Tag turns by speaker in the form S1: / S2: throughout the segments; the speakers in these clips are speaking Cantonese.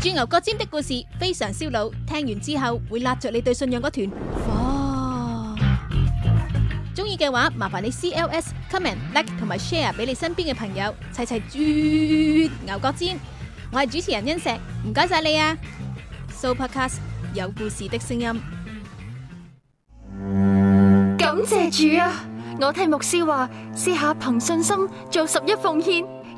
S1: 鑽牛角尖的故事非常燒腦，聽完之後會拉著你對信仰嗰團火。中意嘅話，麻煩你 C L S comment like 同埋 share 俾你身邊嘅朋友，齊齊鑽牛角尖。我係主持人恩石，唔該晒你啊！Sooopodcast 有故事的聲音，感謝主啊！我聽牧師話，試下
S2: 憑信心做十一奉獻。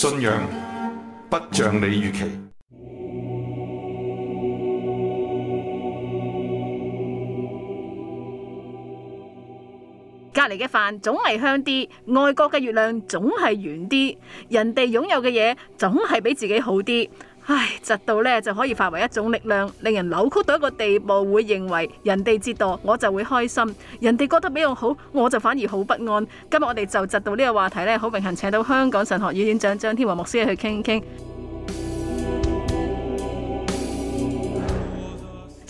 S3: 信仰不像你預期。
S1: 隔離嘅飯總係香啲，外國嘅月亮總係圓啲，人哋擁有嘅嘢總係比自己好啲。唉，嫉妒咧就可以化為一種力量，令人扭曲到一個地步，會認為人哋嫉妒我就會開心，人哋覺得比我好，我就反而好不安。今日我哋就嫉妒呢個話題咧，好榮幸請到香港神學院院長張天和牧師去傾一傾。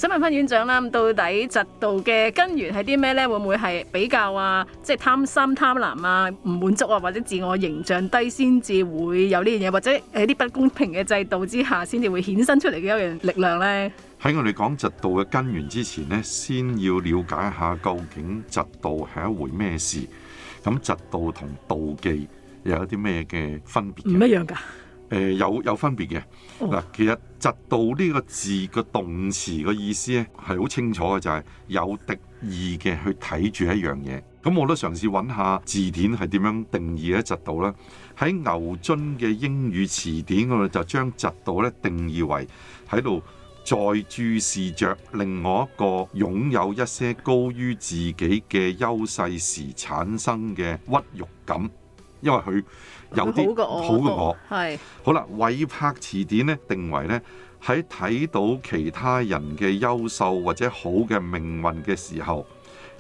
S1: 想問翻院長啦，到底嫉妒嘅根源係啲咩咧？會唔會係比較啊，即係貪心貪婪啊，唔滿足啊，或者自我形象低先至會有呢樣嘢，或者誒啲不公平嘅制度之下先至會衍生出嚟嘅一樣力量咧？
S3: 喺我哋講嫉妒嘅根源之前咧，先要了解一下究竟嫉妒係一回咩事？咁嫉妒同妒忌有一啲咩嘅分
S1: 別？唔一樣㗎。
S3: 呃、有有分別嘅嗱，其實嫉妒呢個字個動詞個意思咧係好清楚嘅，就係、是、有敵意嘅去睇住一樣嘢。咁我都嘗試揾下字典係點樣定義一嫉妒啦。喺牛津嘅英語詞典嗰度就將嫉妒咧定義為喺度再注視着另外一個擁有一些高於自己嘅優勢時產生嘅屈辱感，因為佢。有啲好嘅，好我好啦，韋伯辭典呢定為呢喺睇到其他人嘅優秀或者好嘅命運嘅時候，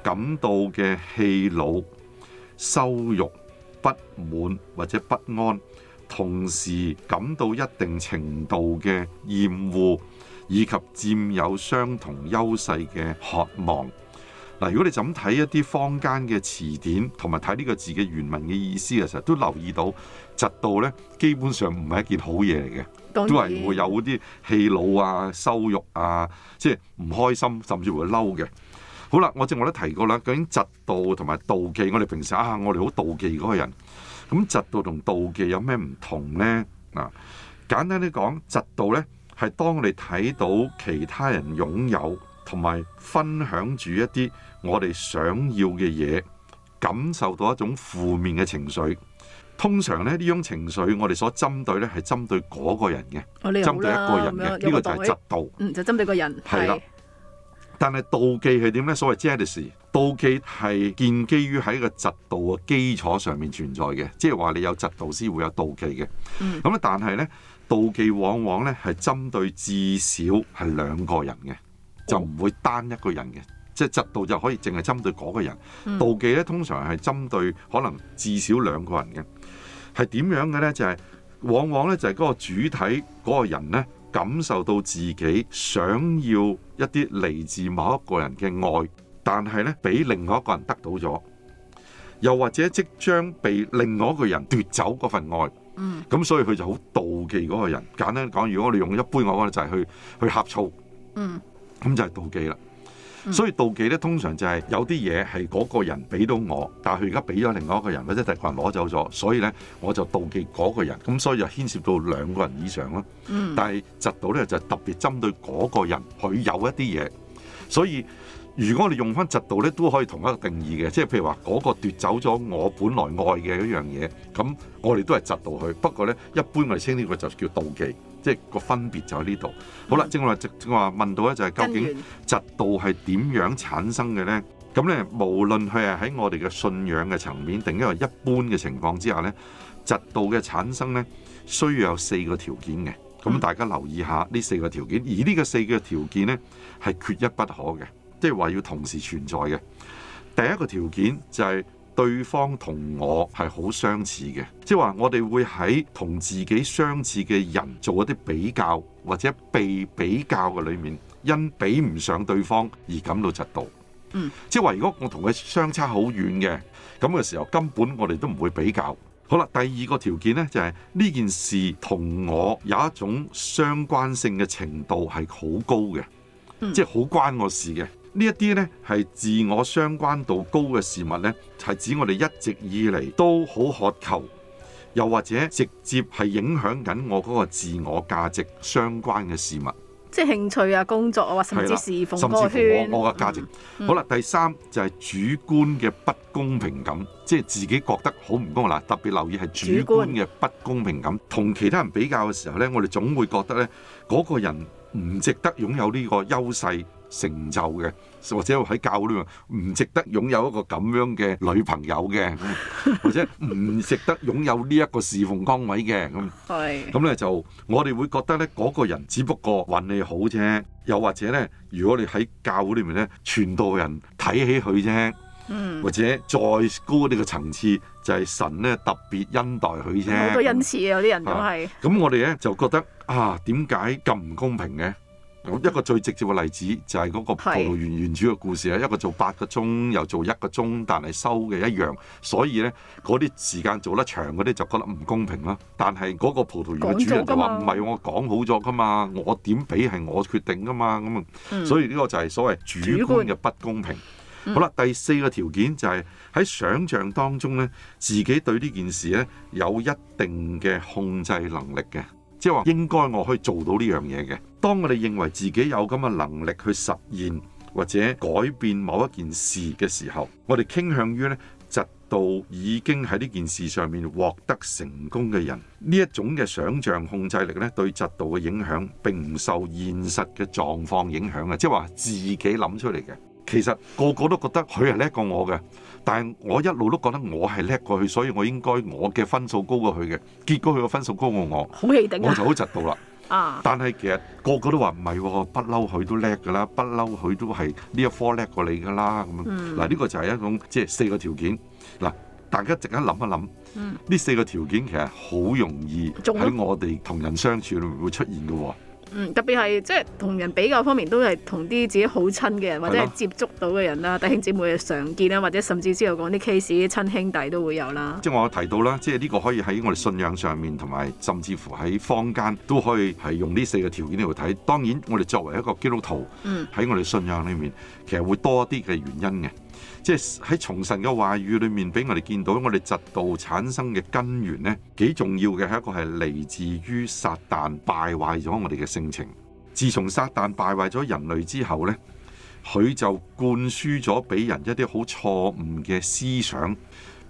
S3: 感到嘅氣惱、羞辱、不滿或者不安，同時感到一定程度嘅厭惡，以及佔有相同優勢嘅渴望。嗱，如果你就咁睇一啲坊間嘅詞典，同埋睇呢個字嘅原文嘅意思嘅時候，都留意到嫉妒咧，到基本上唔係一件好嘢嚟嘅，都係會有啲氣惱啊、羞辱啊，即係唔開心，甚至會嬲嘅。好啦，我正話都提過啦，究竟嫉妒同埋妒忌，我哋平時啊，我哋好妒忌嗰個人，咁嫉妒同妒忌有咩唔同呢？啊，簡單啲講，嫉妒呢係當我哋睇到其他人擁有，同埋分享住一啲我哋想要嘅嘢，感受到一種負面嘅情緒。通常咧呢種情緒，我哋所針對咧係針對嗰個人嘅，針對一個人嘅。呢個，個就係嫉妒，嗯，就針對
S1: 個人係啦。
S3: 但係妒忌係點咧？所謂 jealousy，妒忌係建基於喺個嫉妒嘅基礎上面存在嘅，即係話你有嫉妒先會有妒忌嘅。咁、嗯、啊、嗯，但係咧妒忌往往咧係針對至少係兩個人嘅。就唔會單一個人嘅，即係嫉妒就可以淨係針對嗰個人。嗯、妒忌咧，通常係針對可能至少兩個人嘅。係點樣嘅呢？就係、是、往往呢，就係嗰個主體嗰個人呢，感受到自己想要一啲嚟自某一個人嘅愛，但係呢，俾另外一個人得到咗，又或者即將被另外一個人奪走嗰份愛。嗯。咁所以佢就好妒忌嗰個人。簡單講，如果我哋用一般嘅話咧，就係去去呷醋。嗯。咁就係妒忌啦，所以妒忌咧，通常就係有啲嘢係嗰個人俾到我，但係佢而家俾咗另外一個人或者第個人攞走咗，所以咧我就妒忌嗰個人，咁所以就牽涉到兩個人以上啦。但係嫉妒咧就特別針對嗰個人，佢有一啲嘢，所以如果我哋用翻嫉妒咧都可以同一個定義嘅，即係譬如話嗰個奪走咗我本來愛嘅一樣嘢，咁我哋都係嫉妒佢。不過咧，一般嚟稱呢個就叫妒忌。即係個分別就喺呢度。好啦，嗯、正話正正話問到咧，就係究竟嫉妒係點樣產生嘅咧？咁咧，無論佢係喺我哋嘅信仰嘅層面，定一係一般嘅情況之下咧，嫉妒嘅產生咧，需要有四個條件嘅。咁大家留意一下呢四個條件，嗯、而呢個四個條件咧係缺一不可嘅，即係話要同時存在嘅。第一個條件就係、是。對方同我係好相似嘅，即係話我哋會喺同自己相似嘅人做一啲比較或者被比較嘅裏面，因比唔上對方而感到嫉妒、嗯。即係話如果我同佢相差好遠嘅咁嘅時候，根本我哋都唔會比較。好啦，第二個條件呢，就係、是、呢件事同我有一種相關性嘅程度係好高嘅、嗯，即係好關我事嘅。這些呢一啲呢係自我相關度高嘅事物咧，係指我哋一直以嚟都好渴求，又或者直接係影響緊我嗰個自我價值相關嘅事物，
S1: 即係興趣啊、工作啊，甚至乎甚至乎我我
S3: 嘅價值、嗯嗯。好啦，第三就係主觀嘅不公平感，嗯、即係自己覺得好唔公平嗱。特別留意係主觀嘅不公平感，同其他人比較嘅時候呢，我哋總會覺得呢嗰、那個人唔值得擁有呢個優勢。成就嘅，或者喺教會裏面唔值得擁有一個咁樣嘅女朋友嘅， 或者唔值得擁有呢一個侍奉崗位嘅咁。
S1: 係。咁
S3: 咧就我哋會覺得咧，嗰個人只不過運氣好啫。又或者咧，如果你喺教會裏面咧，傳道人睇起佢啫。嗯。或者再高啲嘅層次，就係神咧特別恩待佢啫。好多
S1: 恩賜啊！有啲人咁係。
S3: 咁我哋咧就覺得啊，點解咁唔公平嘅？咁一個最直接嘅例子就係、是、嗰個葡萄園園主嘅故事啦，一個做八個鐘，又做一個鐘，但係收嘅一樣，所以呢，嗰啲時間做得長嗰啲就覺得唔公平啦。但係嗰個葡萄園嘅主人就話：唔係我講好咗㗎嘛，我點畀係我決定㗎嘛。咁、嗯、啊，所以呢個就係所謂主觀嘅不公平，嗯。好啦，第四個條件就係、是、喺想像當中呢，自己對呢件事呢有一定嘅控制能力嘅。即係話應該我可以做到呢樣嘢嘅。當我哋認為自己有咁嘅能力去實現或者改變某一件事嘅時候，我哋傾向於呢：「嫉妒已經喺呢件事上面獲得成功嘅人」。呢一種嘅想象控制力呢，對嫉妒嘅影響，並唔受現實嘅狀況影響啊！即係話自己諗出嚟嘅。其實個個都覺得佢係叻過我嘅，但係我一路都覺得我係叻過佢，所以我應該我嘅分數高過佢嘅。結果佢個分數高過我，好
S1: 氣頂，我就好窒到啦。 啊、但
S3: 係其實個個都話唔係，不嬲佢、哦、都叻㗎啦，不嬲佢都係呢一科叻過你㗎啦。咁嗱，呢、嗯呢個就係一種即係、就是、四個條件。嗱，大家陣間諗一諗，呢、嗯、四個條件其實好容易喺我哋同人相處裏面會出現嘅喎、哦。
S1: 嗯，特別係即係同人比較方面，都係同啲自己好親嘅人，或者係接觸到嘅人啦，弟兄姊妹嘅常見啦，或者甚至之後講啲 case 親兄弟都會有啦。
S3: 即係我提到啦，即係呢個可以喺我哋信仰上面，同埋甚至乎喺坊間都可以係用呢四個條件嚟度睇。當然，我哋作為一個基督徒，喺我哋信仰裏面，其實會多啲嘅原因嘅。即係喺從神嘅話語裏面，俾我哋見到我哋嫉妒產生嘅根源咧，幾重要嘅係一個係嚟自於撒旦敗壞咗我哋嘅性情。自從撒旦敗壞咗人類之後呢，佢就灌輸咗俾人一啲好錯誤嘅思想，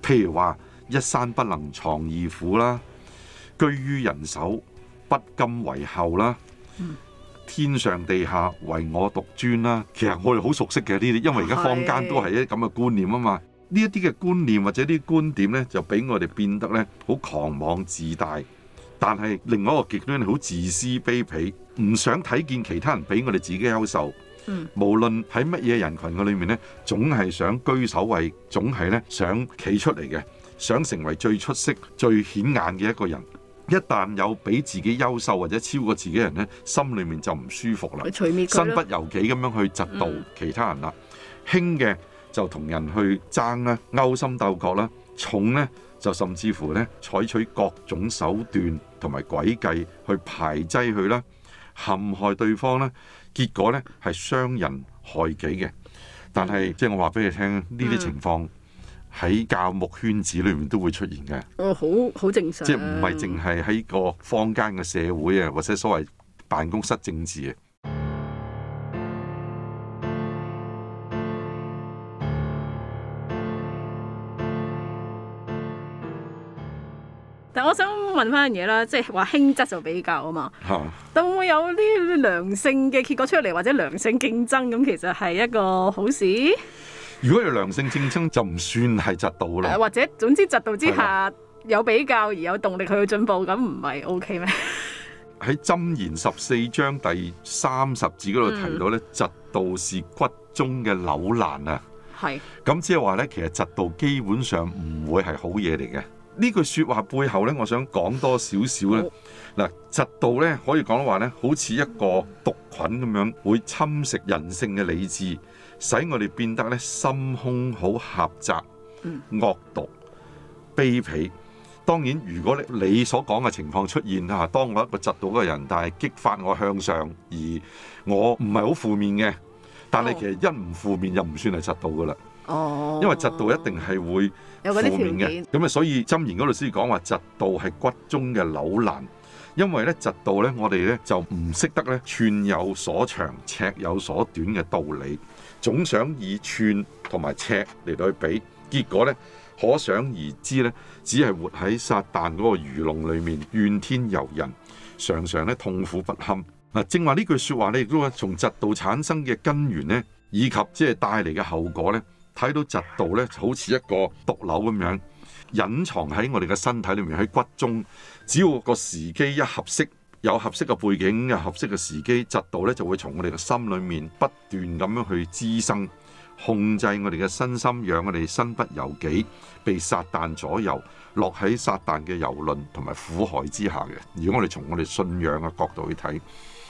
S3: 譬如話一山不能藏二虎啦，居於人手不甘為後啦。天上地下，唯我獨尊啦、啊！其實我哋好熟悉嘅呢啲，因為而家坊間都係一咁嘅觀念啊嘛。呢一啲嘅觀念或者啲觀點呢，就俾我哋變得呢好狂妄自大，但係另外一個極端咧，好自私卑鄙，唔想睇見其他人比我哋自己優秀。嗯，無論喺乜嘢人群嘅裏面呢，總係想居首位，總係呢想企出嚟嘅，想成為最出色、最顯眼嘅一個人。一旦有比自己優秀或者超過自己人呢，心裡面就唔舒服啦，身不由己咁樣去窒到其他人啦，輕、嗯、嘅就同人去爭啦，勾心鬥角啦，重呢就甚至乎呢採取各種手段同埋詭計去排擠佢啦，陷害對方咧，結果呢係傷人害己嘅。但係、嗯、即係我話俾你聽呢啲情況。嗯喺教牧圈子裏面都會出現嘅，
S1: 哦，好好正常。即係唔係淨
S3: 係喺個坊間嘅社會啊，或者所謂辦公室政治，哦啊。
S1: 但我想問翻樣嘢啦，即係話輕質就比較啊嘛，嚇、啊，會唔會有啲良性嘅結果出嚟，或者良性競爭咁？其實係一個好事。
S3: 如果有良性競爭，就唔算係嫉妒啦。
S1: 或者，總之嫉妒之下有比較而有動力去進步，咁唔係 OK 咩？
S3: 喺《箴言》十四章第三十字嗰度提到咧，嫉、嗯、妒是骨中嘅朽爛啊！係。咁即係話咧，其實嫉妒基本上唔會係好嘢嚟嘅。呢句説話背後咧，我想講多少少咧。嗱、哦，嫉妒咧可以講話咧，好似一個毒菌咁樣，會侵蝕人性嘅理智。使我哋變得咧心胸好狹窄、
S2: 嗯、
S3: 惡毒、卑鄙。當然，如果咧你所講嘅情況出現啊，當我一個嫉妒嘅人，但係激發我向上，而我唔係好負面嘅，但係其實一唔負面就唔算係嫉妒噶啦。哦，
S1: 因為嫉
S3: 妒一定係會有負面嘅。咁啊，所以箴言嗰位師講話，嫉妒係骨中嘅扭難，因為咧嫉妒咧，我哋咧就唔識得咧寸有所長、尺有所短嘅道理。總想以寸同埋尺嚟到去比，結果咧，可想而知咧，只係活喺撒旦嗰個魚籠裏面，怨天尤人，常常咧痛苦不堪。嗱，正話呢句説話咧，亦都係從嫉妒產生嘅根源咧，以及即係帶嚟嘅後果咧，睇到嫉妒咧，好似一個毒瘤咁樣，隱藏喺我哋嘅身體裏面，喺骨中，只要個時機一合適。有合適嘅背景、有合適嘅時機、嫉妒咧，就會從我哋嘅心裏面不斷咁樣去滋生，控制我哋嘅身心，讓我哋身不由己，被撒旦左右，落喺撒旦嘅遊輪同埋苦海之下嘅。如果我哋從我哋信仰嘅角度去睇。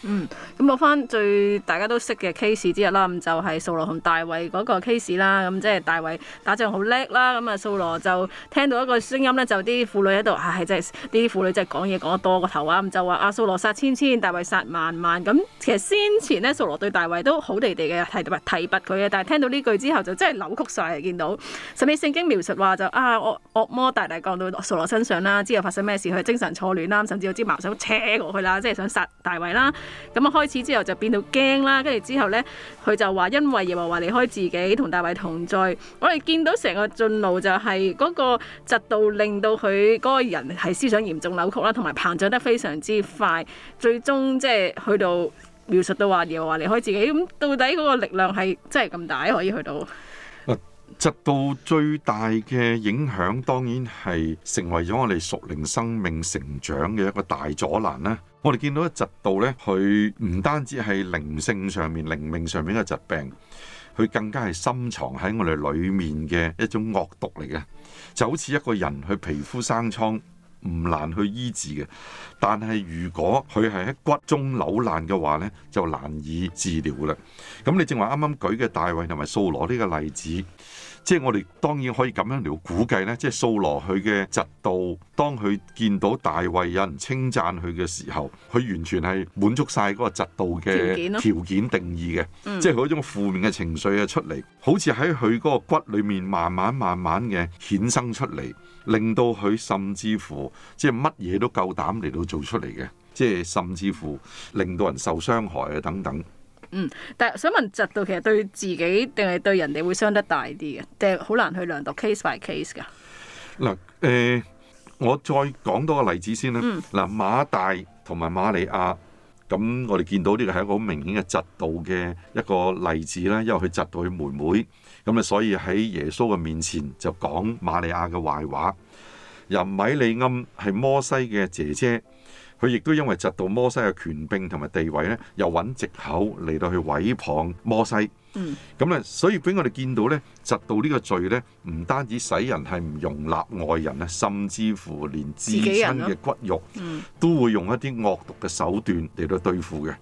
S1: 嗯，咁落翻最大家都識嘅 case 之一啦，咁就係、是、掃羅同大衛嗰個 case 啦。咁即係大衛打仗好叻啦，咁啊掃羅就聽到一個聲音咧，就啲婦女喺度，係、哎、係真係啲婦女真係講嘢講得多過頭啊。咁就話阿掃羅殺千千，大衛殺萬萬。咁其實先前咧，掃羅對大衛都好地地嘅，提唔提拔佢嘅。但係聽到呢句之後，就真係扭曲曬。見到甚至聖經描述話就啊，惡魔大大降到掃羅身上啦。之後發生咩事？佢精神錯亂啦，甚至有支矛煩想扯過去啦，即、就、係、是、想殺大衛啦。咁啊，開始之後就變到驚啦，跟住之後呢，佢就話，因為耶和華離開自己，大衛同大衛同在。我哋見到成個進路就係嗰個嫉妒令到佢嗰個人係思想嚴重扭曲啦，同埋膨脹得非常之快，最終即係去到描述到話耶和華離開自己，咁到底嗰個力量係真係咁大可以去到？
S3: 啊，嫉妒最大嘅影響，當然係成為咗我哋屬靈生命成長嘅一個大阻攔啦。我哋見到一疾病咧，佢唔單止係靈性上面、靈命上面嘅疾病，佢更加係深藏喺我哋裏面嘅一種惡毒嚟嘅。就好似一個人佢皮膚生瘡，唔難去醫治嘅，但係如果佢係喺骨中扭爛嘅話咧，就難以治療啦。咁你正話啱啱舉嘅大衛同埋掃羅呢個例子。即係我哋當然可以咁樣嚟估計呢，即係掃羅佢嘅嫉妒。當佢見到大衛有人稱讚佢嘅時候，佢完全係滿足晒嗰個嫉妒嘅條件定義嘅，啊，嗯、即係嗰種負面嘅情緒啊，出嚟，好似喺佢嗰個骨裡面慢慢慢慢嘅衍生出嚟，令到佢甚至乎即係乜嘢都夠膽嚟到做出嚟嘅，即係甚至乎令到人受傷害啊等等。
S1: 嗯，但係想問，嫉妒其實對自己定係對人哋會傷得大啲嘅，定係好難去量度 case by case 噶？
S3: 嗱，誒、呃，我再講多個例子先啦。嗱、嗯，馬大同埋瑪利亞，咁我哋見到呢個係一個好明顯嘅嫉妒嘅一個例子啦，因為佢嫉妒佢妹妹，咁啊，所以喺耶穌嘅面前就講瑪利亞嘅壞話，人米利暗係摩西嘅姐姐。佢亦都因為嫉妒摩西嘅權柄同埋地位咧，又揾藉口嚟到去毀謗摩西。嗯。咁咧，所以俾我哋見到咧，嫉妒呢個罪咧，唔單止使人係唔容納外人咧，甚至乎連自身嘅骨肉，啊嗯，都會用一啲惡毒嘅手段嚟到對付嘅。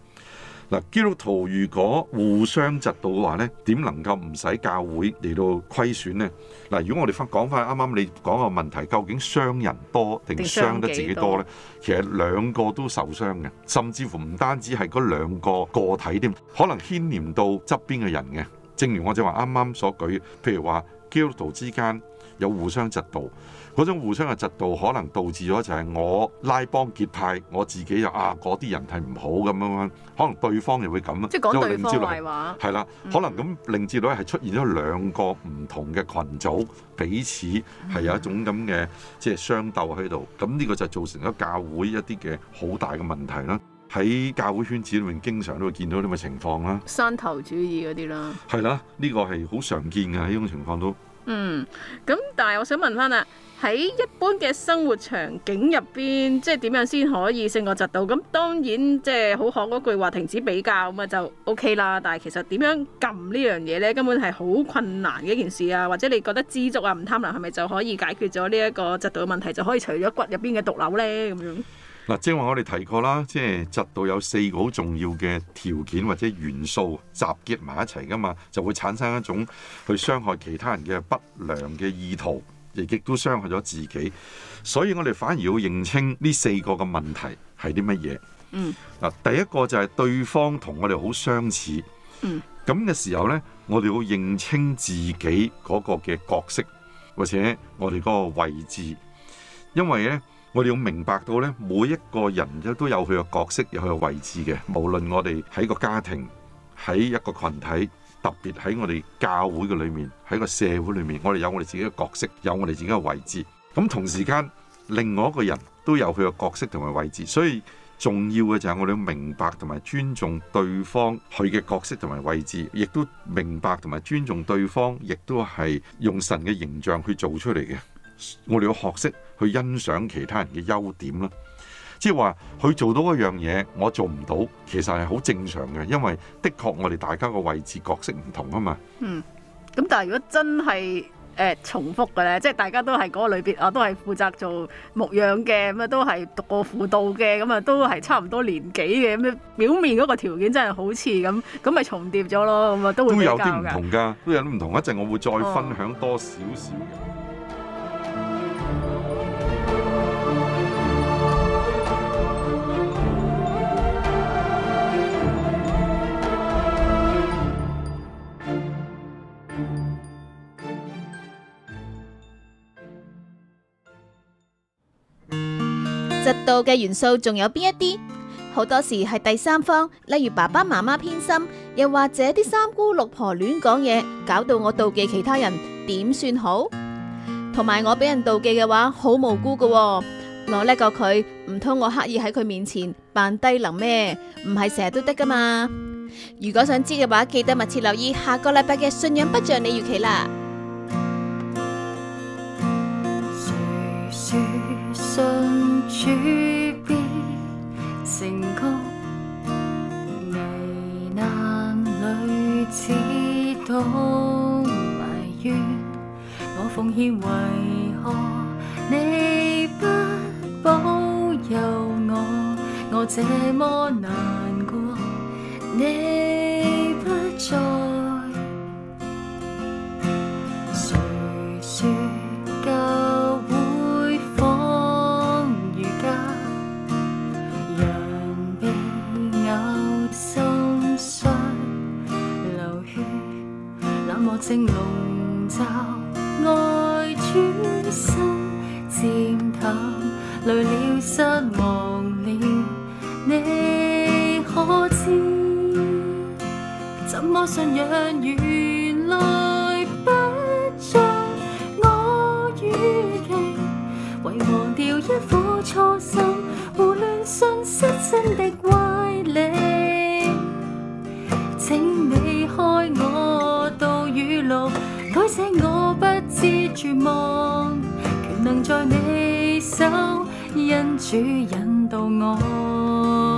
S3: 嗱，基督徒如果互相嫉妒嘅話呢，點能夠唔使教會嚟到虧損呢？嗱，如果我哋翻講翻啱啱你講嘅問題，究竟傷人多定傷得自己多呢？其實兩個都受傷嘅，甚至乎唔單止係嗰兩個個體添，可能牽連到側邊嘅人嘅。正如我哋話啱啱所舉，譬如話基督徒之間有互相嫉妒。嗰種互相嘅嫉妒可能導致咗就係我拉幫結派，我自己又啊嗰啲人係唔好咁樣樣，可能對方又會咁啊。即係講對方壞話，啦，嗯、可能咁令至到係出現咗兩個唔同嘅群組，彼此係有一種咁嘅即係相鬥喺度。咁呢個就造成咗教會一啲嘅好大嘅問題啦。喺教會圈子裏面，經常都會見到呢個情況啦。
S1: 山頭主義嗰啲啦，
S3: 係啦，呢、這個係好常見嘅喺呢種情況都。
S1: 嗯，咁但係我想問翻啦，喺一般嘅生活場景入邊，即係點樣先可以勝過嫉妒？咁當然即係好學嗰句話，停止比較咁啊就 OK 啦。但係其實點樣撳呢樣嘢呢？根本係好困難嘅一件事啊。或者你覺得知足啊，唔貪婪係咪就可以解決咗呢一個嫉妒嘅問題，就可以除咗骨入邊嘅毒瘤呢？咁樣？
S3: 嗱，正如我哋提過啦，即係嫉妒有四個好重要嘅條件或者元素集結埋一齊㗎嘛，就會產生一種去傷害其他人嘅不良嘅意圖，亦亦都傷害咗自己。所以我哋反而要認清呢四個嘅問題係啲乜嘢。
S2: 嗯。
S3: 嗱，第一個就係對方同我哋好相似。嗯。咁嘅時候呢，我哋要認清自己嗰個嘅角色，或者我哋嗰個位置，因為呢。我哋要明白到呢，每一個人咧都有佢嘅角色，有佢嘅位置嘅。無論我哋喺個家庭，喺一個群體，特別喺我哋教會嘅裏面，喺個社會裏面，我哋有我哋自己嘅角色，有我哋自己嘅位置。咁同時間，另外一個人都有佢嘅角色同埋位置。所以重要嘅就係我哋要明白同埋尊重對方佢嘅角色同埋位置，亦都明白同埋尊重對方，亦都係用神嘅形象去做出嚟嘅。我哋要學識去欣賞其他人嘅優點啦，即係話佢做到一樣嘢，我做唔到，其實係好正常嘅，因為的確我哋大家個位置角色唔同啊嘛同的。嗯，
S1: 咁但係如果真係誒重複嘅咧，即係大家都係嗰個裏邊，我都係負責做牧養嘅，咁啊都係讀過輔導嘅，咁啊都係差唔多年紀嘅，咁表面嗰個條件真係好似咁，咁咪重疊咗咯，咁啊都會有啲唔同
S3: 噶，都有啲唔同，一陣我會再分享多少少嘅。
S1: 嫉妒嘅元素仲有邊一啲？好多時係第三方，例如爸爸媽媽偏心，又或者啲三姑六婆亂講嘢，搞到我妒忌其他人，點算好？同埋我俾人妒忌嘅話，好無辜噶，我叻過佢，唔通我刻意喺佢面前扮低能咩？唔係成日都得噶嘛？如果想知嘅話，記得密切留意下個禮拜嘅《信仰不像你預期》啦。隨隨主必
S2: 成功，危難裏只懂埋怨。我奉獻為何你不保佑我？我這麼難過，漸淡，累了，失望了，你可知？怎麼信仰？原來不像我預期？為忘掉一顆初心，胡亂信失真的歪理。請你開我道雨路，改寫我不知絕望。能在你手，因主引導我。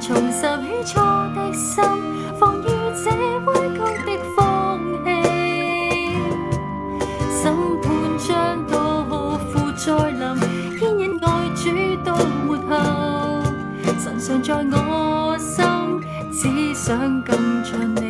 S2: 重拾起初的心，防禦的放於這灰暗的風氣。審判將到福再臨，牽引愛主到末後，神常在我心，只想更像你。